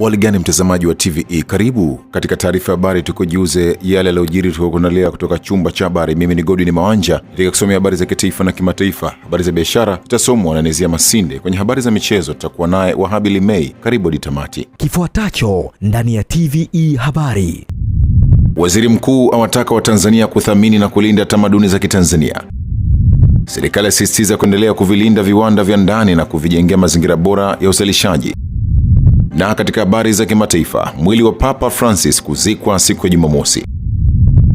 Waligani mtazamaji wa TVE, karibu katika taarifa ya habari, tukujuze yale yaliyojiri, tukakuandalia kutoka chumba cha habari. Mimi ni Godwin Mawanja katika kusomea habari za kitaifa na kimataifa. Habari za biashara tutasomwa na Nezia Masinde. Kwenye habari za michezo tutakuwa naye Wahabili Mei. Karibu ditamati Kifuatacho ndani ya TVE habari. Waziri mkuu awataka Watanzania kuthamini na kulinda tamaduni za Kitanzania. Serikali asistiza kuendelea kuvilinda viwanda vya ndani na kuvijengea mazingira bora ya uzalishaji. Na katika habari za kimataifa, mwili wa Papa Francis kuzikwa siku ya Jumamosi.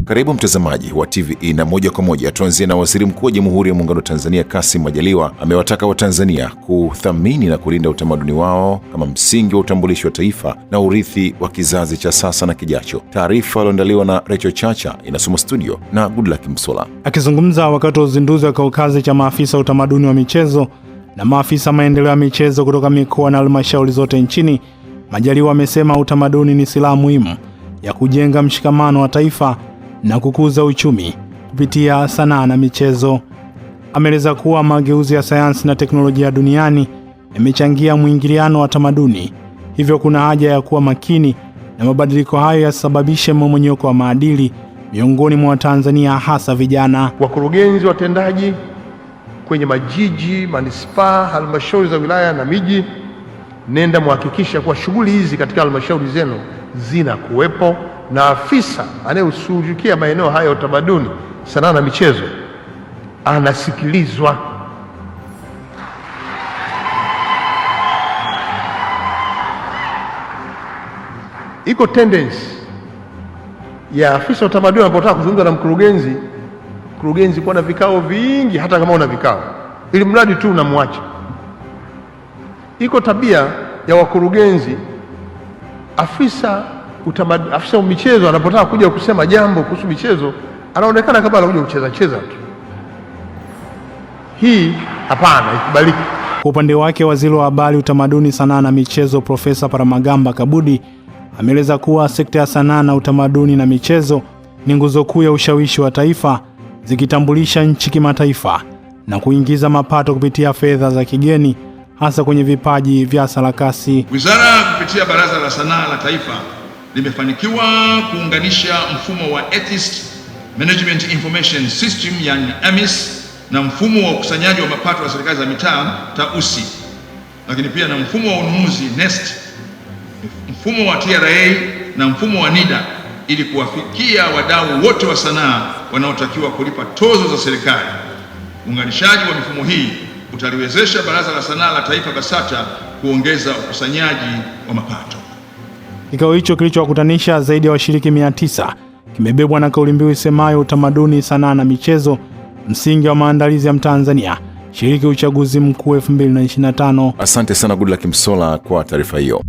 Karibu mtazamaji wa TVE na moja kwa moja tuanzie na waziri mkuu wa Jamhuri ya Muungano wa Tanzania Kassim Majaliwa amewataka Watanzania kuthamini na kulinda utamaduni wao kama msingi wa utambulishi wa taifa na urithi wa kizazi cha sasa na kijacho. Taarifa iliyoandaliwa na Recho Chacha inasoma studio na Goodluck Msola. Akizungumza wakati wa uzinduzi wa kikao kazi cha maafisa wa utamaduni wa michezo na maafisa maendeleo ya michezo kutoka mikoa na halmashauri zote nchini, Majaliwa amesema utamaduni ni silaha muhimu ya kujenga mshikamano wa taifa na kukuza uchumi kupitia sanaa na michezo. Ameeleza kuwa mageuzi ya sayansi na teknolojia duniani yamechangia mwingiliano wa tamaduni, hivyo kuna haja ya kuwa makini na mabadiliko hayo yasababishe mmomonyoko wa maadili miongoni mwa Watanzania hasa vijana. Wakurugenzi watendaji kwenye majiji, manispaa, halmashauri za wilaya na miji, nenda muhakikisha kuwa shughuli hizi katika halmashauri zenu zinakuwepo, na afisa anayeshughulikia maeneo haya ya utamaduni, sanaa na michezo anasikilizwa. Iko tendensi ya afisa utamaduni anapotaka kuzungumza na mkurugenzi mkurugenzi kuwa na vikao vingi, hata kama una vikao, ili mradi tu unamwacha. Iko tabia ya wakurugenzi, afisa utamad, afisa michezo anapotaka kuja kusema jambo kuhusu michezo anaonekana kama anakuja kucheza cheza tu. Hii hapana, ikubaliki. Kwa upande wake, waziri wa habari, utamaduni, sanaa na michezo Profesa Paramagamba Kabudi ameeleza kuwa sekta ya sanaa na utamaduni na michezo ni nguzo kuu ya ushawishi wa taifa zikitambulisha nchi kimataifa na kuingiza mapato kupitia fedha za kigeni hasa kwenye vipaji vya sarakasi. Wizara kupitia Baraza la Sanaa la Taifa limefanikiwa kuunganisha mfumo wa Artist Management Information System yani AMIS e na mfumo wa ukusanyaji wa mapato wa serikali za mitaa TAUSI, lakini pia na mfumo wa ununuzi NeST, mfumo wa TRA na mfumo wa NIDA ili kuwafikia wadau wote wa sanaa wanaotakiwa kulipa tozo za serikali. Uunganishaji wa mifumo hii utaliwezesha Baraza la Sanaa la Taifa BASATA kuongeza ukusanyaji wa mapato. Kikao hicho kilichowakutanisha zaidi ya washiriki mia tisa kimebebwa na kauli mbiu isemayo utamaduni, sanaa na michezo, msingi wa maandalizi ya Mtanzania shiriki uchaguzi mkuu 2025. Asante sana Goodluck msola kwa taarifa hiyo.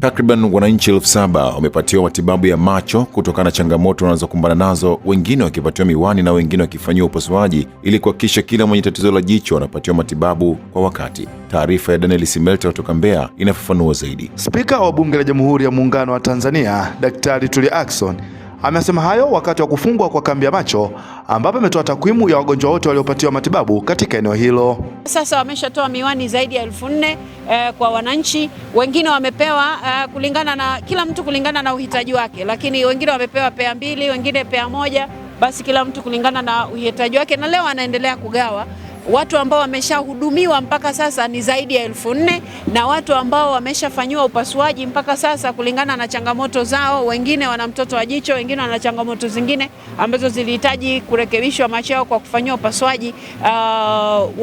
Takriban wananchi elfu saba wamepatiwa matibabu ya macho kutokana na changamoto wanazokumbana nazo, wengine wakipatiwa miwani na wengine wakifanyiwa upasuaji ili kuhakikisha kila mwenye tatizo la jicho anapatiwa matibabu kwa wakati. Taarifa ya Daniel Simelta kutoka Mbeya inafafanua zaidi. Spika wa Bunge la Jamhuri ya Muungano wa Tanzania Daktari Tulia Ackson Amesema hayo wakati wa kufungwa kwa kambi ya macho ambapo ametoa takwimu ya wagonjwa wote waliopatiwa matibabu katika eneo hilo. Sasa wameshatoa miwani zaidi ya elfu nne eh, kwa wananchi. Wengine wamepewa eh, kulingana na kila mtu kulingana na uhitaji wake, lakini wengine wamepewa pea mbili, wengine pea moja, basi kila mtu kulingana na uhitaji wake, na leo anaendelea kugawa watu ambao wameshahudumiwa mpaka sasa ni zaidi ya elfu nne na watu ambao wameshafanyiwa upasuaji mpaka sasa kulingana na changamoto zao. Wengine wana mtoto wa jicho, wengine wana changamoto zingine ambazo zilihitaji kurekebishwa macho yao kwa kufanyiwa upasuaji. Uh,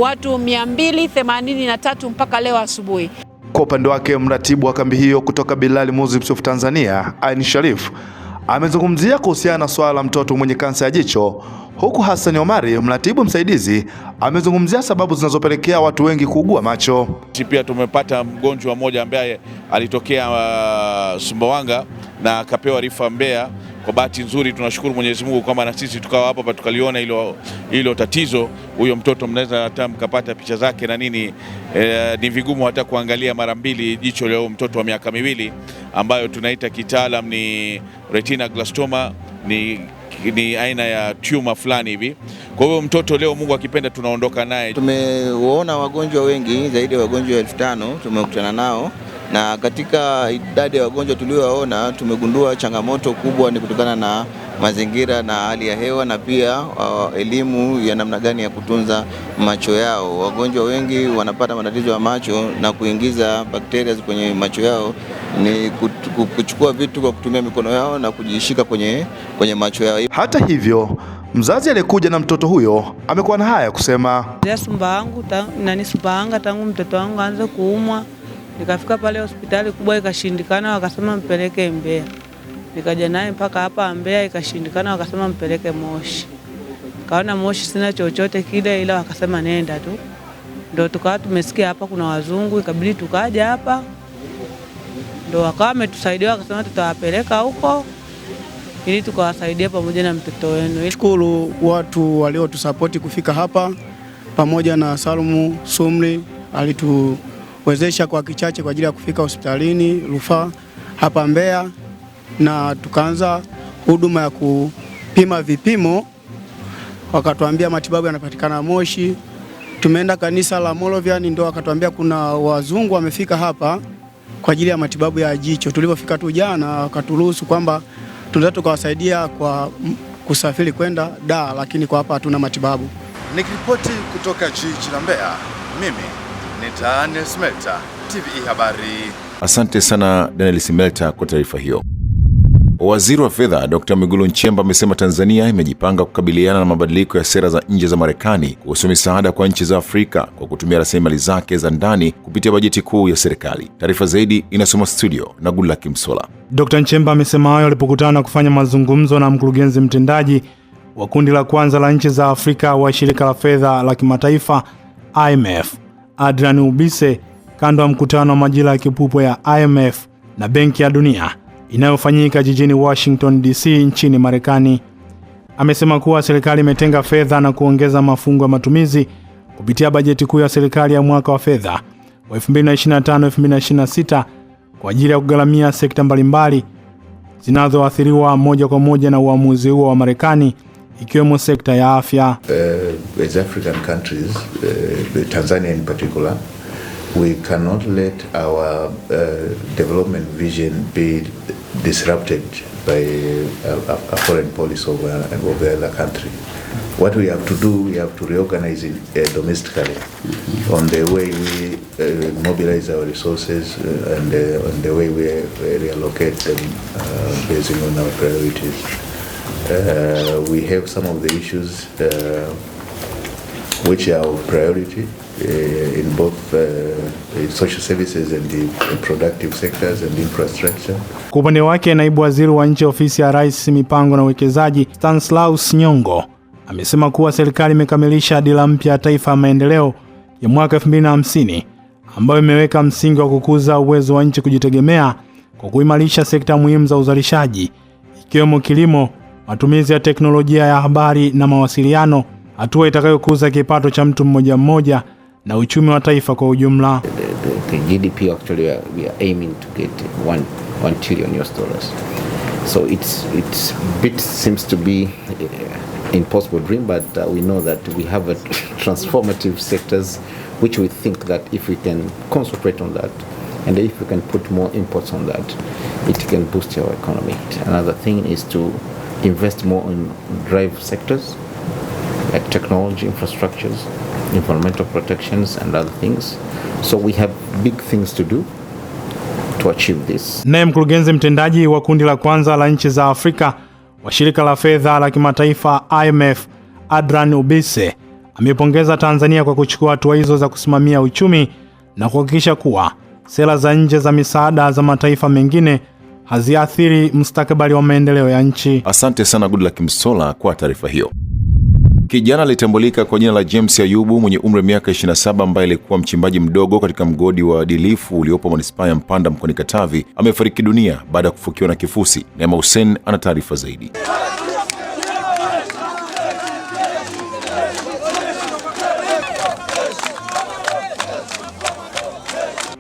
watu 283 mpaka leo asubuhi. Kwa upande wake, mratibu wa kambi hiyo kutoka Bilali Muslims Tanzania Ain Sharif amezungumzia kuhusiana na swala la mtoto mwenye kansa ya jicho, huku Hassan Omari, mratibu msaidizi, amezungumzia sababu zinazopelekea watu wengi kuugua macho. Pia tumepata mgonjwa mmoja ambaye alitokea uh, Sumbawanga na akapewa rifa Mbeya kwa bahati nzuri tunashukuru Mwenyezi Mungu kwamba na sisi tukawa hapa tukaliona hilo, hilo tatizo. Huyo mtoto mnaweza hata mkapata picha zake na nini e, ni vigumu hata kuangalia mara mbili jicho leo mtoto wa miaka miwili ambayo tunaita kitaalam ni glastoma, ni ni aina ya tuma fulani hivi. Kwa hiyo mtoto leo, Mungu akipenda, tunaondoka naye. Tumewaona wagonjwa wengi zaidi ya wagonjwa elfu tano tumekutana nao na katika idadi ya wagonjwa tuliowaona tumegundua changamoto kubwa ni kutokana na mazingira na hali ya hewa na pia uh, elimu ya namna gani ya kutunza macho yao. Wagonjwa wengi wanapata matatizo ya macho na kuingiza bakteria kwenye macho yao ni kuchukua vitu kwa kutumia mikono yao na kujishika kwenye, kwenye macho yao. Hata hivyo mzazi aliyekuja na mtoto huyo amekuwa na haya kusema, sumbaanga tangu mtoto wangu aanze kuumwa Nikafika pale hospitali kubwa ikashindikana, wakasema mpeleke Mbeya. Nikaja naye mpaka hapa Mbeya ikashindikana, wakasema mpeleke Moshi. Kaona Moshi sina chochote kile, ila wakasema nenda tu. Ndo tukawa tumesikia hapa kuna wazungu, ikabidi tukaja hapa, ndo wakawa wametusaidia, wakasema tutawapeleka huko ili tukawasaidia pamoja na mtoto wenu. Shukuru watu waliotusapoti kufika hapa, pamoja na Salumu Sumri alitu kuwezesha kwa kichache kwa ajili ya kufika hospitalini rufaa hapa Mbeya, na tukaanza huduma ya kupima vipimo, wakatuambia matibabu yanapatikana Moshi. Tumeenda kanisa la Moravian, ndio wakatuambia kuna wazungu wamefika hapa kwa ajili ya matibabu ya jicho. Tulipofika tu jana, wakaturuhusu kwamba tunaweza tukawasaidia kwa kusafiri kwenda da, lakini kwa hapa hatuna matibabu. Nikiripoti kutoka jiji la Mbeya, mimi Nitaane Smelta, TV e Habari. Asante sana Daniel Smelta kwa taarifa hiyo. Waziri wa Fedha Dr. Mwigulu Nchemba amesema Tanzania imejipanga kukabiliana na mabadiliko ya sera za nje za Marekani kuhusu misaada kwa nchi za Afrika kwa kutumia rasilimali zake za ndani kupitia bajeti kuu ya serikali. Taarifa zaidi inasoma studio na Gula Kimsola. Dr. Nchemba amesema hayo alipokutana kufanya mazungumzo na mkurugenzi mtendaji wa kundi la kwanza la nchi za Afrika wa shirika la fedha la kimataifa IMF. Adrian Ubise kando ya mkutano wa majira ya kipupwe ya IMF na Benki ya Dunia inayofanyika jijini Washington DC nchini Marekani. Amesema kuwa serikali imetenga fedha na kuongeza mafungo ya matumizi kupitia bajeti kuu ya serikali ya mwaka wa fedha wa 2025-2026 kwa ajili ya kugharamia sekta mbalimbali zinazoathiriwa moja kwa moja na uamuzi huo wa Marekani ikiwemo sekta ya afya. Uh, as African countries, uh, Tanzania in particular, we cannot let our uh, development vision be disrupted by uh, a, a foreign policy of, uh, of the other country. What we have to do, we have to reorganize it uh, domestically on the way we uh, mobilize our resources uh, and uh, on the way we reallocate them uh, based on our priorities. Uh, we have some of the issues uh, which are of priority uh, in both uh, social services and the productive sectors and infrastructure. Kwa upande wake, naibu waziri wa nchi ofisi ya Rais mipango na uwekezaji Stanislaus Nyongo amesema kuwa serikali imekamilisha dira mpya ya taifa ya maendeleo ya mwaka 2050 ambayo imeweka msingi wa kukuza uwezo wa nchi kujitegemea kwa kuimarisha sekta muhimu za uzalishaji ikiwemo kilimo matumizi ya teknolojia ya habari na mawasiliano, hatua itakayokuza kipato cha mtu mmoja mmoja na uchumi wa taifa kwa ujumla. The, the, the GDP actually uh, we are aiming to get trillion US dollars. So it's it's bit seems to be uh, impossible dream but uh, we know that we have a transformative sectors which we think that if we can concentrate on that and if we can put more imports on that it can boost our economy. Another thing is to invest more in drive sectors like technology, infrastructures, environmental protections, and other things. So we have big things to do to achieve this. Naye mkurugenzi mtendaji wa kundi la kwanza la nchi za Afrika wa shirika la fedha la kimataifa IMF, Adran Ubise ameipongeza Tanzania kwa kuchukua hatua hizo za kusimamia uchumi na kuhakikisha kuwa sera za nje za misaada za mataifa mengine haziathiri mstakabali wa maendeleo ya nchi. Asante sana Goodluck kimsola kwa taarifa hiyo. Kijana alitambulika kwa jina la James Ayubu mwenye umri wa miaka 27 ambaye alikuwa mchimbaji mdogo katika mgodi wa Dilifu uliopo manispaa ya Mpanda mkoani Katavi amefariki dunia baada ya kufukiwa na kifusi. nema Hussein ana taarifa zaidi.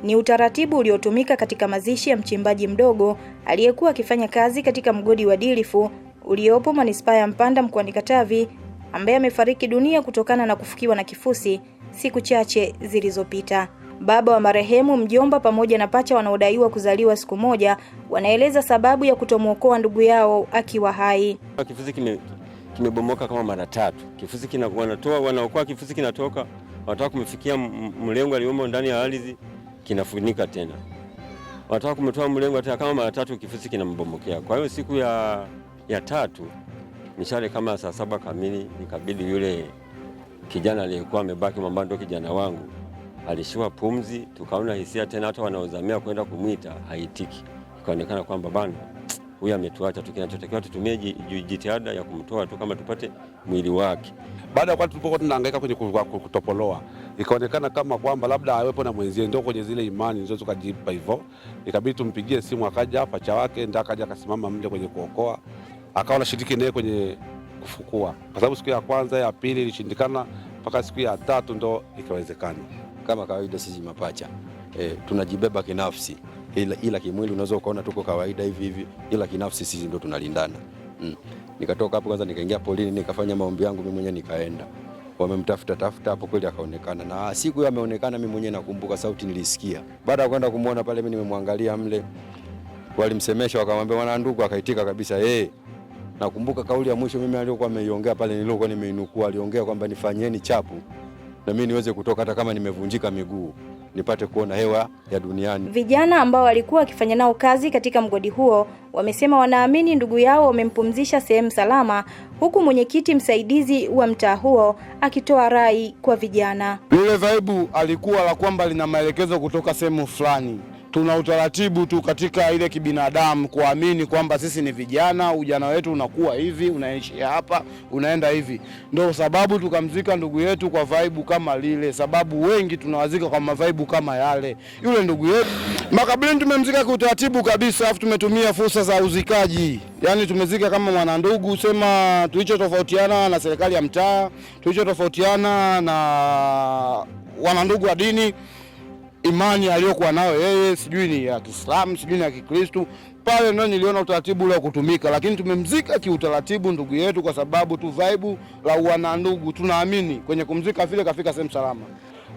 ni utaratibu uliotumika katika mazishi ya mchimbaji mdogo aliyekuwa akifanya kazi katika mgodi wa Dilifu uliopo manispaa ya Mpanda mkoani Katavi ambaye amefariki dunia kutokana na kufukiwa na kifusi siku chache zilizopita. Baba wa marehemu, mjomba pamoja na pacha wanaodaiwa kuzaliwa siku moja wanaeleza sababu ya kutomwokoa ndugu yao akiwa hai. Kifusi kime kimebomoka kama mara tatu, kifusi kina wanaokoa, kifusi kinatoka, wanataka kumfikia mlengo aliyomo ndani ya ardhi kinafunika tena, wanataka kumtoa mlengo tena kama mara tatu, kifusi kinambomokea. Kwa hiyo siku ya, ya tatu mishale kama saa saba kamili nikabidi yule kijana aliyekuwa amebaki mambando, kijana wangu alishiwa pumzi, tukaona hisia tena, hata wanaozamia kwenda kumwita haitiki, ikaonekana kwamba bana huyu ametuacha tukinachotakiwa tutumie jitihada ya kumtoa tu kama tupate mwili wake. Baada ya kwa tulipokuwa tunahangaika kwenye kutopoloa, ikaonekana kama kwamba labda awepo na mwenzie, ndio kwenye zile imani ndio tukajipa hivyo, ikabidi tumpigie simu, akaja hapa cha wake ndio akaja akasimama mle kwenye kuokoa, akawa anashiriki naye kwenye kufukua, kwa sababu siku ya kwanza ya pili ilishindikana, mpaka siku ya tatu ndo ikawezekana. Kama kawaida sisi mapacha eh, tunajibeba kinafsi ila, ila kimwili unaweza ukaona tuko kawaida hivi hivi, ila kinafsi sisi ndo tunalindana mm. Nikatoka hapo kwanza, nikaingia polini, nikafanya maombi yangu mimi mwenyewe, nikaenda wamemtafuta tafuta hapo kweli akaonekana, na siku hiyo ameonekana. Mimi mwenyewe nakumbuka sauti nilisikia baada ya kwenda kumuona pale, mimi nimemwangalia mle, walimsemesha wakamwambia mwana ndugu, akaitika kabisa hey. Eh, nakumbuka kauli ya mwisho mimi aliyokuwa ameiongea pale, nilikuwa nimeinukua, aliongea kwamba nifanyeni chapu na mimi niweze kutoka hata kama nimevunjika miguu nipate kuona hewa ya duniani. Vijana ambao walikuwa wakifanya nao kazi katika mgodi huo wamesema wanaamini ndugu yao wamempumzisha sehemu salama, huku mwenyekiti msaidizi wa mtaa huo akitoa rai kwa vijana. Lile vaibu alikuwa la kwamba lina maelekezo kutoka sehemu fulani tuna utaratibu tu katika ile kibinadamu kuamini kwamba sisi ni vijana, ujana wetu unakuwa hivi, unaishi hapa, unaenda hivi. Ndio sababu tukamzika ndugu yetu kwa vaibu kama lile, sababu wengi tunawazika kwa mavaibu kama yale. Yule ndugu yetu makaburini tumemzika kwa utaratibu kabisa, afu tumetumia fursa za uzikaji, yaani tumezika kama mwanandugu. Sema tulichotofautiana na serikali ya mtaa, tulichotofautiana na wanandugu wa dini imani aliyokuwa nayo yeye, sijui ni ya Kiislamu, sijui ni ya Kikristu. Pale ndio niliona utaratibu ule kutumika, lakini tumemzika kiutaratibu ndugu yetu, kwa sababu tu vibe la uwana ndugu, tunaamini kwenye kumzika vile kafika sehemu salama.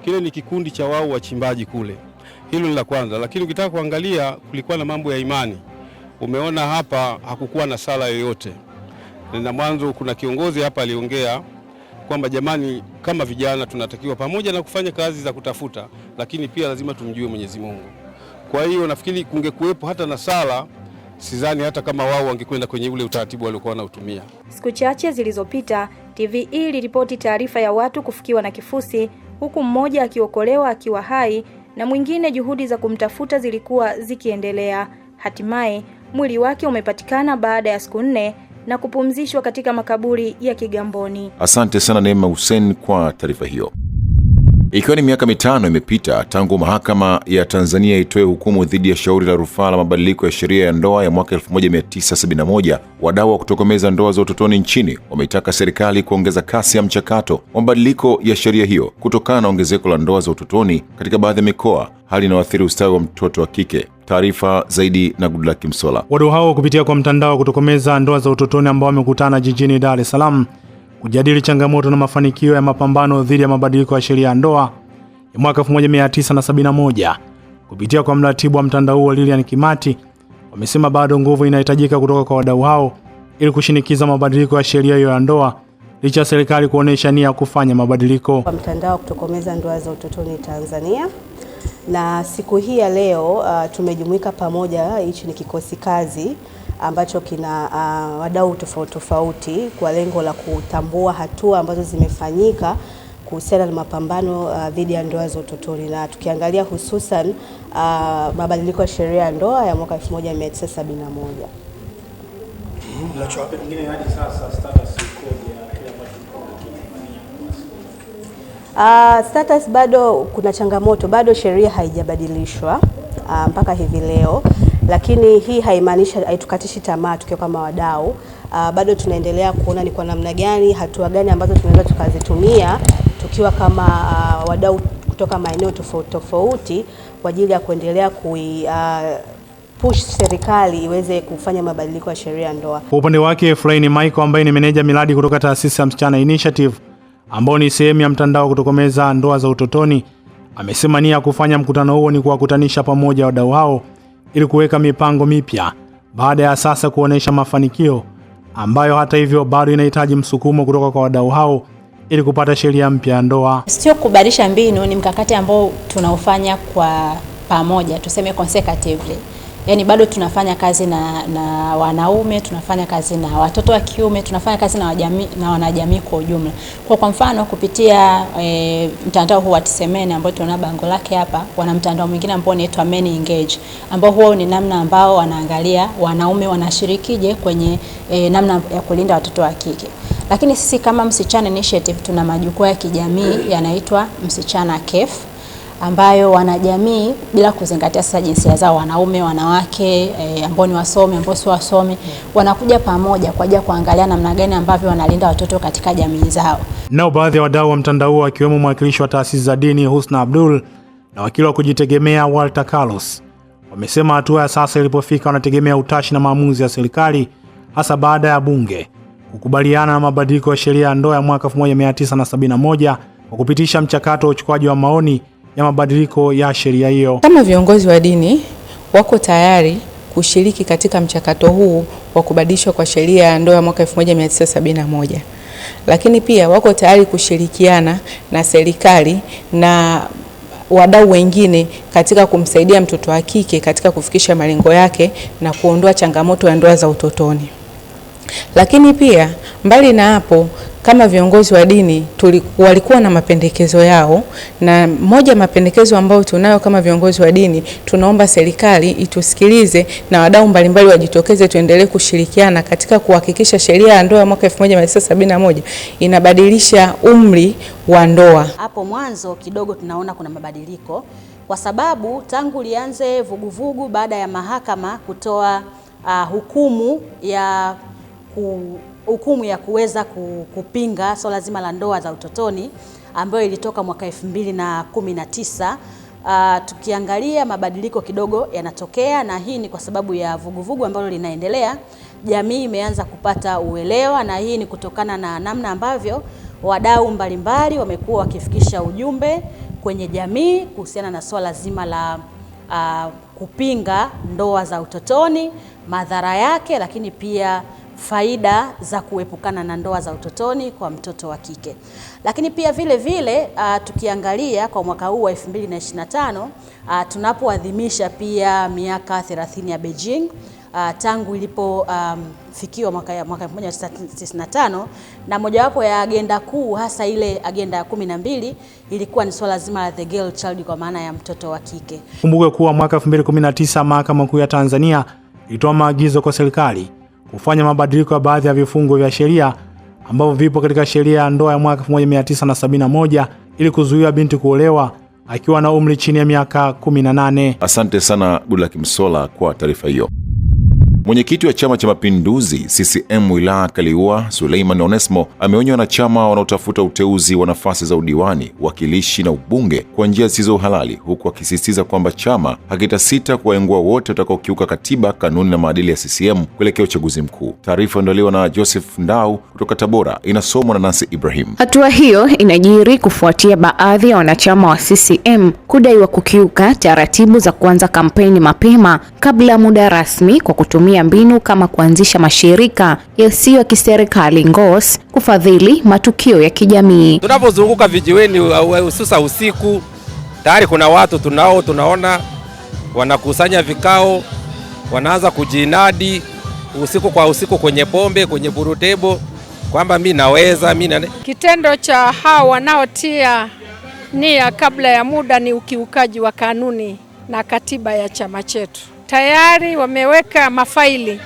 Kile ni kikundi cha wao wachimbaji kule, hilo ni la kwanza. Lakini ukitaka kuangalia, kulikuwa na mambo ya imani. Umeona hapa hakukuwa na sala yoyote, na mwanzo kuna kiongozi hapa aliongea kwamba jamani, kama vijana tunatakiwa pamoja na kufanya kazi za kutafuta, lakini pia lazima tumjue Mwenyezi Mungu. Kwa hiyo nafikiri kungekuwepo hata na sala, sidhani hata kama wao wangekwenda kwenye ule utaratibu waliokuwa wanautumia. Siku chache zilizopita, TVE iliripoti taarifa ya watu kufukiwa na kifusi, huku mmoja akiokolewa akiwa hai na mwingine, juhudi za kumtafuta zilikuwa zikiendelea. Hatimaye mwili wake umepatikana baada ya siku nne na kupumzishwa katika makaburi ya Kigamboni. Asante sana Neema Hussein kwa taarifa hiyo. Ikiwa ni miaka mitano imepita tangu mahakama ya Tanzania itoe hukumu dhidi ya shauri la rufaa la mabadiliko ya sheria ya ndoa ya mwaka 1971, wadau wa kutokomeza ndoa za utotoni nchini wameitaka serikali kuongeza kasi ya mchakato wa mabadiliko ya sheria hiyo kutokana na ongezeko la ndoa za utotoni katika baadhi ya mikoa, hali inayoathiri ustawi wa mtoto wa kike. Taarifa zaidi na Goodluck Msola. Wadau hao kupitia kwa mtandao wa kutokomeza ndoa za utotoni ambao wamekutana jijini Dar es Salaam kujadili changamoto na mafanikio ya mapambano dhidi ya mabadiliko ya sheria ya ndoa ya mwaka 1971 kupitia kwa mratibu wa mtandao huo Lilian Kimati, wamesema bado nguvu inahitajika kutoka kwa wadau hao ili kushinikiza mabadiliko ya sheria hiyo ya ndoa licha ya serikali kuonesha nia ya kufanya mabadiliko. Kwa mtandao wa kutokomeza ndoa za utotoni Tanzania na siku hii ya leo uh, tumejumuika pamoja. Hichi ni kikosi kazi ambacho kina uh, wadau tofauti tofauti kwa lengo la kutambua hatua ambazo zimefanyika kuhusiana na mapambano uh, dhidi uh, ya ndoa za utotoni na tukiangalia hususan uh, mabadiliko ya sheria ya ndoa ya mwaka 1971. Uh, status bado kuna changamoto, bado sheria haijabadilishwa uh, mpaka hivi leo, lakini hii haimaanishi haitukatishi tamaa tukiwa kama wadau uh, bado tunaendelea kuona ni kwa namna gani, hatua gani ambazo tunaweza tukazitumia tukiwa kama uh, wadau kutoka maeneo tofauti tofauti kwa ajili ya kuendelea kui uh, push serikali iweze kufanya mabadiliko ya sheria ya ndoa. Kwa upande wake, Furaini Michael ambaye ni meneja miradi kutoka taasisi ya Msichana Initiative ambao ni sehemu ya mtandao wa kutokomeza ndoa za utotoni, amesema nia ya kufanya mkutano huo ni kuwakutanisha pamoja wadau hao ili kuweka mipango mipya baada ya sasa kuonesha mafanikio ambayo hata hivyo bado inahitaji msukumo kutoka kwa wadau hao ili kupata sheria mpya ya ndoa. Sio kubadilisha mbinu, ni mkakati ambao tunaofanya kwa pamoja, tuseme consecutively yani bado tunafanya kazi na, na wanaume tunafanya kazi na watoto wa kiume tunafanya kazi na, wajami, na wanajamii kwa ujumla. Kwa kwa mfano kupitia e, mtandao huu wa Tisemene ambao tunaona bango lake hapa, wana mtandao mwingine ambao unaitwa Men Engage ambao huo ni namna ambao wanaangalia wanaume wanashirikije kwenye e, namna ya kulinda watoto wa kike lakini sisi kama Msichana Initiative tuna majukwaa ya kijamii yanaitwa Msichana Cafe ambayo wanajamii bila kuzingatia sasa jinsia zao, wanaume, wanawake, e, ambao ni wasomi, ambao sio wasomi, wanakuja pamoja kwa ajili ya kuangalia namna gani ambavyo wanalinda watoto katika jamii zao. Nao baadhi ya wadau wa mtandao huo akiwemo mwakilishi wa taasisi za dini Husna Abdul na wakili wa kujitegemea Walter Carlos wamesema hatua ya sasa ilipofika, wanategemea utashi na maamuzi ya serikali, hasa baada ya bunge kukubaliana na mabadiliko ya sheria ya ndoa ya mwaka 1971 kwa kupitisha mchakato wa uchukuaji wa maoni ya mabadiliko ya sheria hiyo. Kama viongozi wa dini wako tayari kushiriki katika mchakato huu wa kubadilishwa kwa sheria ya ndoa ya mwaka 1971 lakini pia wako tayari kushirikiana na serikali na wadau wengine katika kumsaidia mtoto wa kike katika kufikisha malengo yake na kuondoa changamoto ya ndoa za utotoni. Lakini pia mbali na hapo kama viongozi wa dini tulikuwa, walikuwa na mapendekezo yao, na moja mapendekezo ambayo tunayo kama viongozi wa dini, tunaomba serikali itusikilize na wadau mbalimbali wajitokeze, tuendelee kushirikiana katika kuhakikisha sheria ya ndoa mwaka 1971 inabadilisha umri wa ndoa. Hapo mwanzo kidogo tunaona kuna mabadiliko, kwa sababu tangu lianze vuguvugu baada ya mahakama kutoa uh, hukumu ya hukumu ya kuweza kupinga swala so zima la ndoa za utotoni ambayo ilitoka mwaka 2019. Uh, ah, tukiangalia mabadiliko kidogo yanatokea, na hii ni kwa sababu ya vuguvugu ambalo linaendelea. Jamii imeanza kupata uelewa, na hii ni kutokana na namna ambavyo wadau mbalimbali wamekuwa wakifikisha ujumbe kwenye jamii kuhusiana na swala zima la uh, kupinga ndoa za utotoni, madhara yake, lakini pia faida za kuepukana na ndoa za utotoni kwa mtoto wa kike. Lakini pia vile vile uh, tukiangalia kwa mwaka huu wa 2025 uh, ah, tunapoadhimisha pia miaka 30 ya Beijing Uh, tangu ilipofikiwa um, mwaka 1995 na mojawapo ya agenda kuu hasa ile agenda ya kumi na mbili ilikuwa ni swala zima la the girl child, kwa maana ya mtoto wa kike. Kumbuke kuwa mwaka 2019 Mahakama Kuu ya Tanzania ilitoa maagizo kwa serikali kufanya mabadiliko ya baadhi ya vifungu vya sheria ambavyo vipo katika sheria ya ndoa ya mwaka 1971 ili kuzuia binti kuolewa akiwa na umri chini ya miaka 18. Asante sana Gulaki Msola kwa taarifa hiyo. Mwenyekiti wa Chama cha Mapinduzi CCM wilaya Kaliua, Suleiman Onesmo, ameonya wanachama wanaotafuta uteuzi wa nafasi za udiwani, uwakilishi na ubunge kwa njia zisizo halali, huku akisisitiza kwamba chama hakitasita kuwaengua wote watakaokiuka katiba, kanuni na maadili ya CCM kuelekea uchaguzi mkuu. Taarifa iliyoandaliwa na Joseph Ndau kutoka Tabora, inasomwa na Nancy Ibrahim. Hatua hiyo inajiri kufuatia baadhi ya wanachama wa CCM kudaiwa kukiuka taratibu za kuanza kampeni mapema kabla ya muda rasmi kwa kutumia kutumia mbinu kama kuanzisha mashirika yasiyo ya kiserikali NGOs kufadhili matukio ya kijamii. Tunapozunguka vijiweni, hususa usiku, tayari kuna watu tunao tunaona wanakusanya vikao, wanaanza kujinadi usiku kwa usiku kwenye pombe, kwenye burutebo kwamba mi naweza mi na... Kitendo cha hao wanaotia nia kabla ya muda ni ukiukaji wa kanuni na katiba ya chama chetu tayari wameweka mafaili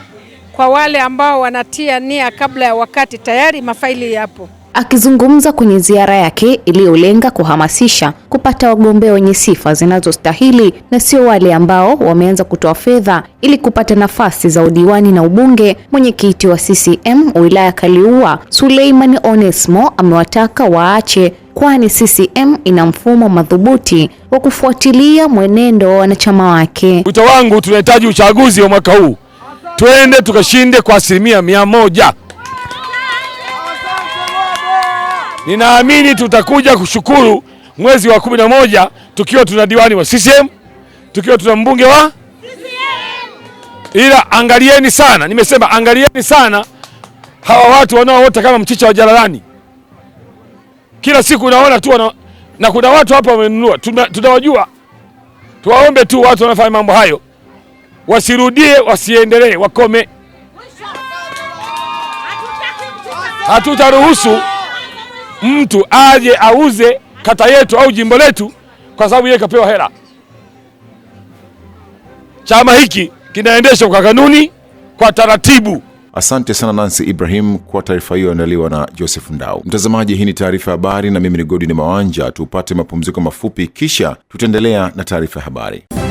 kwa wale ambao wanatia nia kabla ya wakati, tayari mafaili yapo. Akizungumza kwenye ziara yake iliyolenga kuhamasisha kupata wagombea wenye sifa zinazostahili na sio wale ambao wameanza kutoa fedha ili kupata nafasi za udiwani na ubunge, mwenyekiti wa CCM wilaya Kaliua Suleiman Onesmo amewataka waache, kwani CCM ina mfumo madhubuti wa kufuatilia mwenendo wa wanachama wake. Wito wangu tunahitaji uchaguzi wa mwaka huu, twende tukashinde kwa asilimia mia moja. Ninaamini tutakuja kushukuru mwezi wa kumi na moja tukiwa tuna diwani wa CCM, tukiwa tuna mbunge wa CCM. Ila angalieni sana, nimesema angalieni sana hawa watu wanaoota kama mchicha wa jalalani. Kila siku unaona tu wana, na kuna watu hapa wamenunua, tunawajua. Tuwaombe tu watu wanaofanya mambo hayo wasirudie, wasiendelee, wakome. Hatutaruhusu mtu aje auze kata yetu au jimbo letu kwa sababu yeye kapewa hela. Chama hiki kinaendeshwa kwa kanuni, kwa taratibu. Asante sana Nancy Ibrahim kwa taarifa hiyo andaliwa na Joseph Ndau. Mtazamaji, hii ni taarifa ya habari na mimi ni godi ni Mawanja. Tupate mapumziko mafupi, kisha tutaendelea na taarifa ya habari.